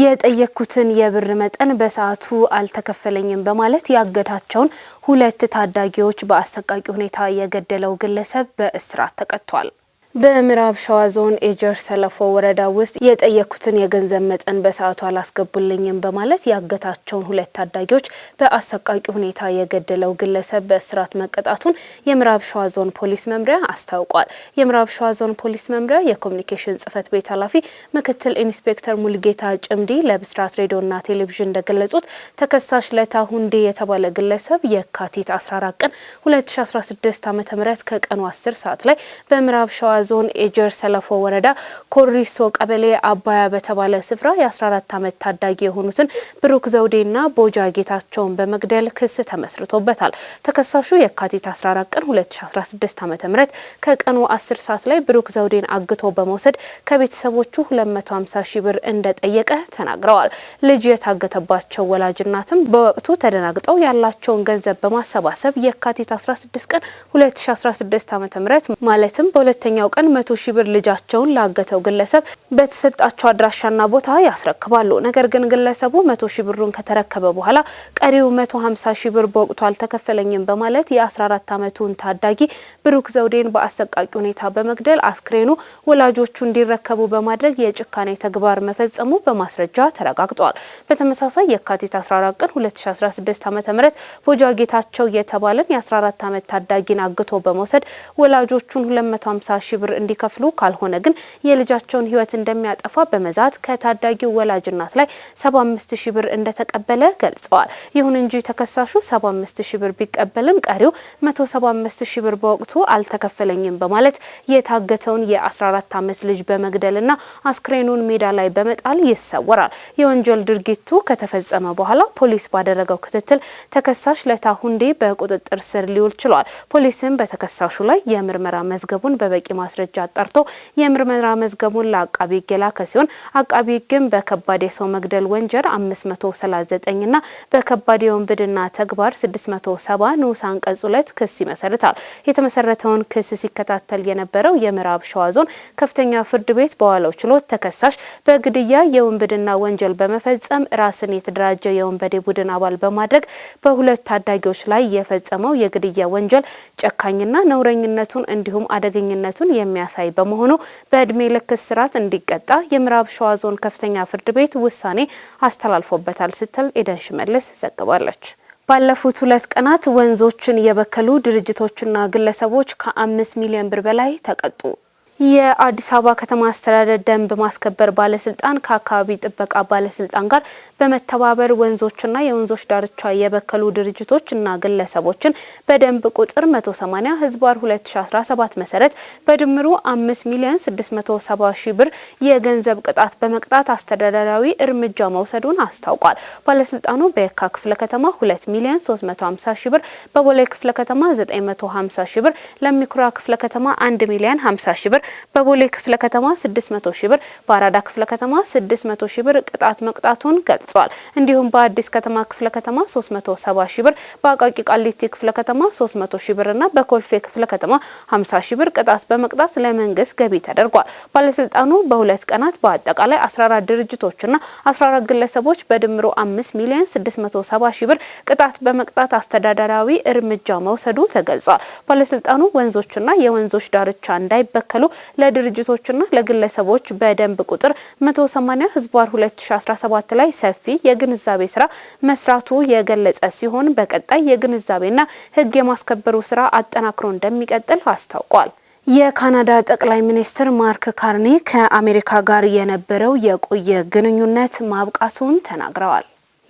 የጠየኩትን የብር መጠን በሰዓቱ አልተከፈለኝም በማለት ያገዳቸውን ሁለት ታዳጊዎች በአሰቃቂ ሁኔታ የገደለው ግለሰብ በእስራት ተቀጥቷል። በምዕራብ ሸዋ ዞን ኤጀር ሰለፎ ወረዳ ውስጥ የጠየኩትን የገንዘብ መጠን በሰዓቱ አላስገቡልኝም በማለት ያገታቸውን ሁለት ታዳጊዎች በአሰቃቂ ሁኔታ የገደለው ግለሰብ በእስራት መቀጣቱን የምዕራብ ሸዋ ዞን ፖሊስ መምሪያ አስታውቋል። የምዕራብ ሸዋ ዞን ፖሊስ መምሪያ የኮሚኒኬሽን ጽህፈት ቤት ኃላፊ ምክትል ኢንስፔክተር ሙልጌታ ጭምዲ ለብስራት ሬዲዮና ቴሌቪዥን እንደገለጹት ተከሳሽ ለታሁንዴ የተባለ ግለሰብ የካቲት 14 ቀን 2016 ዓ ም ከቀኑ 10 ሰዓት ላይ በምዕራብ ሸዋ ዞን ኤጀር ሰለፎ ወረዳ ኮሪሶ ቀበሌ አባያ በተባለ ስፍራ የ14 ዓመት ታዳጊ የሆኑትን ብሩክ ዘውዴና ቦጃ ጌታቸውን በመግደል ክስ ተመስርቶበታል። ተከሳሹ የካቲት 14 ቀን 2016 ም ከቀኑ 10 ሰዓት ላይ ብሩክ ዘውዴን አግቶ በመውሰድ ከቤተሰቦቹ 250 ሺህ ብር እንደጠየቀ ተናግረዋል። ልጅ የታገተባቸው ወላጅናትም በወቅቱ ተደናግጠው ያላቸውን ገንዘብ በማሰባሰብ የካቲት 16 ቀን 2016 ዓ.ም ማለትም በሁለተኛው በዛሬው ቀን መቶ ሺህ ብር ልጃቸውን ላገተው ግለሰብ በተሰጣቸው አድራሻና ቦታ ያስረክባሉ። ነገር ግን ግለሰቡ መቶ ሺህ ብሩን ከተረከበ በኋላ ቀሪው መቶ ሀምሳ ሺህ ብር በወቅቱ አልተከፈለኝም በማለት የ14 ዓመቱን ታዳጊ ብሩክ ዘውዴን በአሰቃቂ ሁኔታ በመግደል አስክሬኑ ወላጆቹ እንዲረከቡ በማድረግ የጭካኔ ተግባር መፈጸሙ በማስረጃ ተረጋግጧል። በተመሳሳይ የካቲት 14 ቀን 2016 ዓ ም ቦጃ ጌታቸው የተባለን የ14 ዓመት ታዳጊን አግቶ በመውሰድ ወላጆቹን 250 ሺ ብር እንዲከፍሉ ካልሆነ ግን የልጃቸውን ህይወት እንደሚያጠፋ በመዛት ከታዳጊው ወላጅ እናት ላይ 75 ሺ ብር እንደተቀበለ ገልጸዋል። ይሁን እንጂ ተከሳሹ 75 ሺ ብር ቢቀበልም ቀሪው 175 ሺ ብር በወቅቱ አልተከፈለኝም በማለት የታገተውን የ14 ዓመት ልጅ በመግደልና አስክሬኑን ሜዳ ላይ በመጣል ይሰወራል። የወንጀል ድርጊቱ ከተፈጸመ በኋላ ፖሊስ ባደረገው ክትትል ተከሳሽ ለታ ሁንዴ በቁጥጥር ስር ሊውል ችሏል። ፖሊስም በተከሳሹ ላይ የምርመራ መዝገቡን በበቂ ማ ማስረጃ አጣርቶ የምርመራ መዝገቡን ለአቃቢ ሕግ የላከ ሲሆን አቃቢ ግን በከባድ የሰው መግደል ወንጀል 539ና በከባድ የወንብድና ተግባር 670 ንዑስ አንቀጽ ሁለት ክስ ይመሰርታል። የተመሰረተውን ክስ ሲከታተል የነበረው የምዕራብ ሸዋ ዞን ከፍተኛ ፍርድ ቤት በዋለው ችሎት ተከሳሽ በግድያ የወንብድና ወንጀል በመፈጸም ራስን የተደራጀ የወንበዴ ቡድን አባል በማድረግ በሁለት ታዳጊዎች ላይ የፈጸመው የግድያ ወንጀል ጨካኝና ነውረኝነቱን እንዲሁም አደገኝነቱን የሚያሳይ በመሆኑ በእድሜ ልክ እስራት እንዲቀጣ የምዕራብ ሸዋ ዞን ከፍተኛ ፍርድ ቤት ውሳኔ አስተላልፎበታል ስትል ኤደን ሽመልስ ዘግባለች። ባለፉት ሁለት ቀናት ወንዞችን የበከሉ ድርጅቶችና ግለሰቦች ከአምስት ሚሊዮን ብር በላይ ተቀጡ። የአዲስ አበባ ከተማ አስተዳደር ደንብ ማስከበር ባለስልጣን ከአካባቢ ጥበቃ ባለስልጣን ጋር በመተባበር ወንዞችና የወንዞች ዳርቻ የበከሉ ድርጅቶች እና ግለሰቦችን በደንብ ቁጥር 180 ህዝባር 2017 መሰረት በድምሩ 5 ሚሊዮን 670 ሺህ ብር የገንዘብ ቅጣት በመቅጣት አስተዳደራዊ እርምጃ መውሰዱን አስታውቋል። ባለስልጣኑ በየካ ክፍለ ከተማ 2 ሚሊዮን 350 ሺህ ብር፣ በቦሌ ክፍለ ከተማ 950 ሺህ ብር፣ ለሚኩራ ክፍለ ከተማ 1 ሚሊዮን 50 ሺህ ብር በቦሌ ክፍለ ከተማ 600 ሺህ ብር፣ በአራዳ ክፍለ ከተማ 600 ሺህ ብር ቅጣት መቅጣቱን ገልጿል። እንዲሁም በአዲስ ከተማ ክፍለ ከተማ 370 ሺህ ብር፣ በአቃቂ ቃሊቲ ክፍለ ከተማ 300 ሺህ እና በኮልፌ ክፍለ ከተማ 50 ሺህ ብር ቅጣት በመቅጣት ለመንግስት ገቢ ተደርጓል። ባለስልጣኑ በሁለት ቀናት በአጠቃላይ 14 ድርጅቶችና 14 ግለሰቦች በድምሮ 5 ሚሊዮን 670 ሺህ ብር ቅጣት በመቅጣት አስተዳደራዊ እርምጃ መውሰዱ ተገልጿል። ባለስልጣኑ ወንዞችና የወንዞች ዳርቻ እንዳይበከሉ ለድርጅቶችና ለግለሰቦች በደንብ ቁጥር 180 ህዝባር 2017 ላይ ሰፊ የግንዛቤ ስራ መስራቱ የገለጸ ሲሆን በቀጣይ የግንዛቤና ህግ የማስከበሩ ስራ አጠናክሮ እንደሚቀጥል አስታውቋል። የካናዳ ጠቅላይ ሚኒስትር ማርክ ካርኔ ከአሜሪካ ጋር የነበረው የቆየ ግንኙነት ማብቃቱን ተናግረዋል።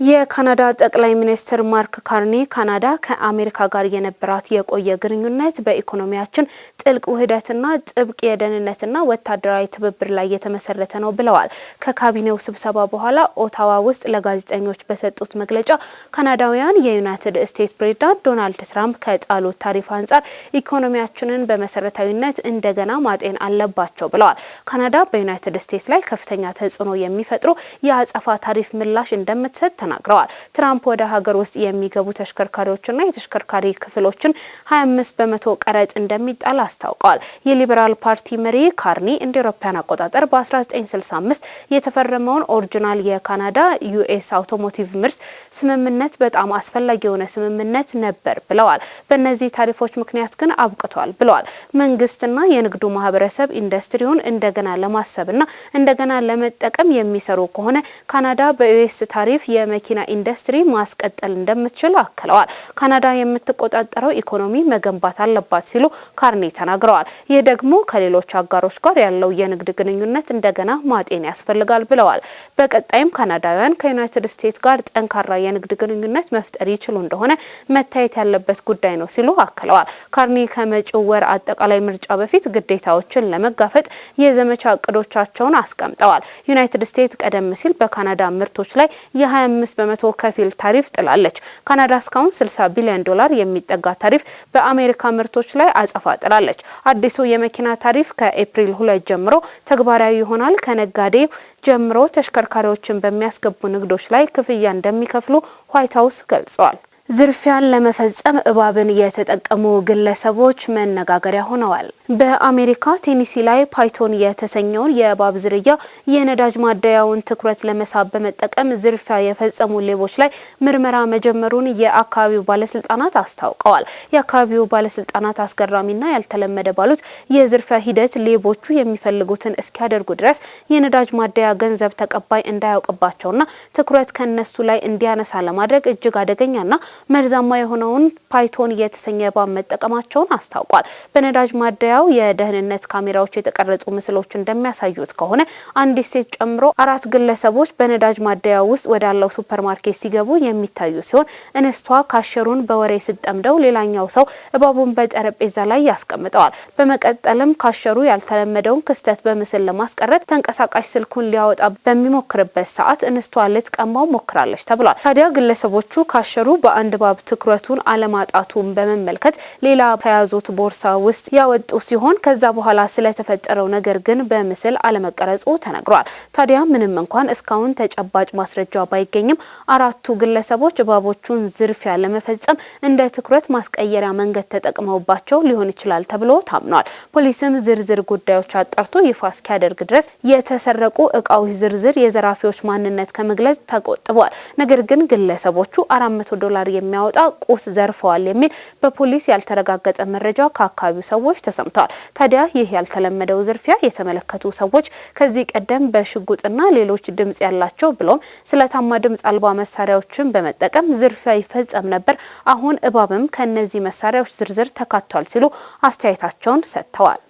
የካናዳ ጠቅላይ ሚኒስትር ማርክ ካርኒ ካናዳ ከአሜሪካ ጋር የነበራት የቆየ ግንኙነት በኢኮኖሚያችን ጥልቅ ውህደትና ጥብቅ የደህንነትና ወታደራዊ ትብብር ላይ የተመሰረተ ነው ብለዋል። ከካቢኔው ስብሰባ በኋላ ኦታዋ ውስጥ ለጋዜጠኞች በሰጡት መግለጫ ካናዳውያን የዩናይትድ ስቴትስ ፕሬዚዳንት ዶናልድ ትራምፕ ከጣሉት ታሪፍ አንጻር ኢኮኖሚያችንን በመሰረታዊነት እንደገና ማጤን አለባቸው ብለዋል። ካናዳ በዩናይትድ ስቴትስ ላይ ከፍተኛ ተጽዕኖ የሚፈጥሩ የአጸፋ ታሪፍ ምላሽ እንደምትሰጥ ተናግረዋል። ትራምፕ ወደ ሀገር ውስጥ የሚገቡ ተሽከርካሪዎችና የተሽከርካሪ ክፍሎችን 25 በመቶ ቀረጥ እንደሚጣል አስታውቀዋል። የሊበራል ፓርቲ መሪ ካርኒ እንደ አውሮፓውያን አቆጣጠር በ1965 የተፈረመውን ኦሪጂናል የካናዳ ዩኤስ አውቶሞቲቭ ምርት ስምምነት በጣም አስፈላጊ የሆነ ስምምነት ነበር ብለዋል። በእነዚህ ታሪፎች ምክንያት ግን አብቅቷል ብለዋል። መንግስትና የንግዱ ማህበረሰብ ኢንዱስትሪውን እንደገና ለማሰብና እንደገና ለመጠቀም የሚሰሩ ከሆነ ካናዳ በዩኤስ ታሪፍ የመ የመኪና ኢንዱስትሪ ማስቀጠል እንደምትችል አክለዋል። ካናዳ የምትቆጣጠረው ኢኮኖሚ መገንባት አለባት ሲሉ ካርኔ ተናግረዋል። ይህ ደግሞ ከሌሎች አጋሮች ጋር ያለው የንግድ ግንኙነት እንደገና ማጤን ያስፈልጋል ብለዋል። በቀጣይም ካናዳውያን ከዩናይትድ ስቴትስ ጋር ጠንካራ የንግድ ግንኙነት መፍጠር ይችሉ እንደሆነ መታየት ያለበት ጉዳይ ነው ሲሉ አክለዋል። ካርኔ ከመጪው ወር አጠቃላይ ምርጫ በፊት ግዴታዎችን ለመጋፈጥ የዘመቻ እቅዶቻቸውን አስቀምጠዋል። ዩናይትድ ስቴትስ ቀደም ሲል በካናዳ ምርቶች ላይ የ25 አምስት በመቶ ከፊል ታሪፍ ጥላለች። ካናዳ እስካሁን 60 ቢሊዮን ዶላር የሚጠጋ ታሪፍ በአሜሪካ ምርቶች ላይ አጸፋ ጥላለች። አዲሱ የመኪና ታሪፍ ከኤፕሪል ሁለት ጀምሮ ተግባራዊ ይሆናል። ከነጋዴ ጀምሮ ተሽከርካሪዎችን በሚያስገቡ ንግዶች ላይ ክፍያ እንደሚከፍሉ ዋይት ሀውስ ገልጸዋል። ዝርፊያን ለመፈጸም እባብን የተጠቀሙ ግለሰቦች መነጋገሪያ ሆነዋል። በአሜሪካ ቴኒሲ ላይ ፓይቶን የተሰኘውን የእባብ ዝርያ የነዳጅ ማደያውን ትኩረት ለመሳብ በመጠቀም ዝርፊያ የፈጸሙ ሌቦች ላይ ምርመራ መጀመሩን የአካባቢው ባለስልጣናት አስታውቀዋል። የአካባቢው ባለስልጣናት አስገራሚና ያልተለመደ ባሉት የዝርፊያ ሂደት ሌቦቹ የሚፈልጉትን እስኪያደርጉ ድረስ የነዳጅ ማደያ ገንዘብ ተቀባይ እንዳያውቅባቸውና ትኩረት ከነሱ ላይ እንዲያነሳ ለማድረግ እጅግ አደገኛና መርዛማ የሆነውን ፓይቶን የተሰኘ እባብ መጠቀማቸውን አስታውቋል። በነዳጅ ማደያ በካሜራው የደህንነት ካሜራዎች የተቀረጹ ምስሎች እንደሚያሳዩት ከሆነ አንዲት ሴት ጨምሮ አራት ግለሰቦች በነዳጅ ማደያ ውስጥ ወዳለው ሱፐርማርኬት ሲገቡ የሚታዩ ሲሆን እንስቷ ካሸሩን በወሬ ስጠምደው ሌላኛው ሰው እባቡን በጠረጴዛ ላይ ያስቀምጠዋል። በመቀጠልም ካሸሩ ያልተለመደውን ክስተት በምስል ለማስቀረት ተንቀሳቃሽ ስልኩን ሊያወጣ በሚሞክርበት ሰዓት እንስቷ ልትቀማው ሞክራለች ተብሏል። ታዲያ ግለሰቦቹ ካሸሩ በአንድ እባብ ትኩረቱን አለማጣቱን በመመልከት ሌላ ከያዙት ቦርሳ ውስጥ ያወጡ ሲሆን ከዛ በኋላ ስለተፈጠረው ነገር ግን በምስል አለመቀረጹ ተነግሯል። ታዲያ ምንም እንኳን እስካሁን ተጨባጭ ማስረጃ ባይገኝም አራቱ ግለሰቦች እባቦቹን ዝርፊያ ለመፈጸም እንደ ትኩረት ማስቀየሪያ መንገድ ተጠቅመውባቸው ሊሆን ይችላል ተብሎ ታምኗል። ፖሊስም ዝርዝር ጉዳዮች አጣርቶ ይፋ እስኪያደርግ ድረስ የተሰረቁ እቃዎች ዝርዝር የዘራፊዎች ማንነት ከመግለጽ ተቆጥቧል። ነገር ግን ግለሰቦቹ 400 መቶ ዶላር የሚያወጣ ቁስ ዘርፈዋል የሚል በፖሊስ ያልተረጋገጠ መረጃ ከአካባቢው ሰዎች ተሰምቷል። ተሰምተዋል። ታዲያ ይህ ያልተለመደው ዝርፊያ የተመለከቱ ሰዎች ከዚህ ቀደም በሽጉጥና ሌሎች ድምጽ ያላቸው ብሎም ስለታማ ድምጽ አልባ መሳሪያዎችን በመጠቀም ዝርፊያ ይፈጸም ነበር። አሁን እባብም ከነዚህ መሳሪያዎች ዝርዝር ተካቷል ሲሉ አስተያየታቸውን ሰጥተዋል።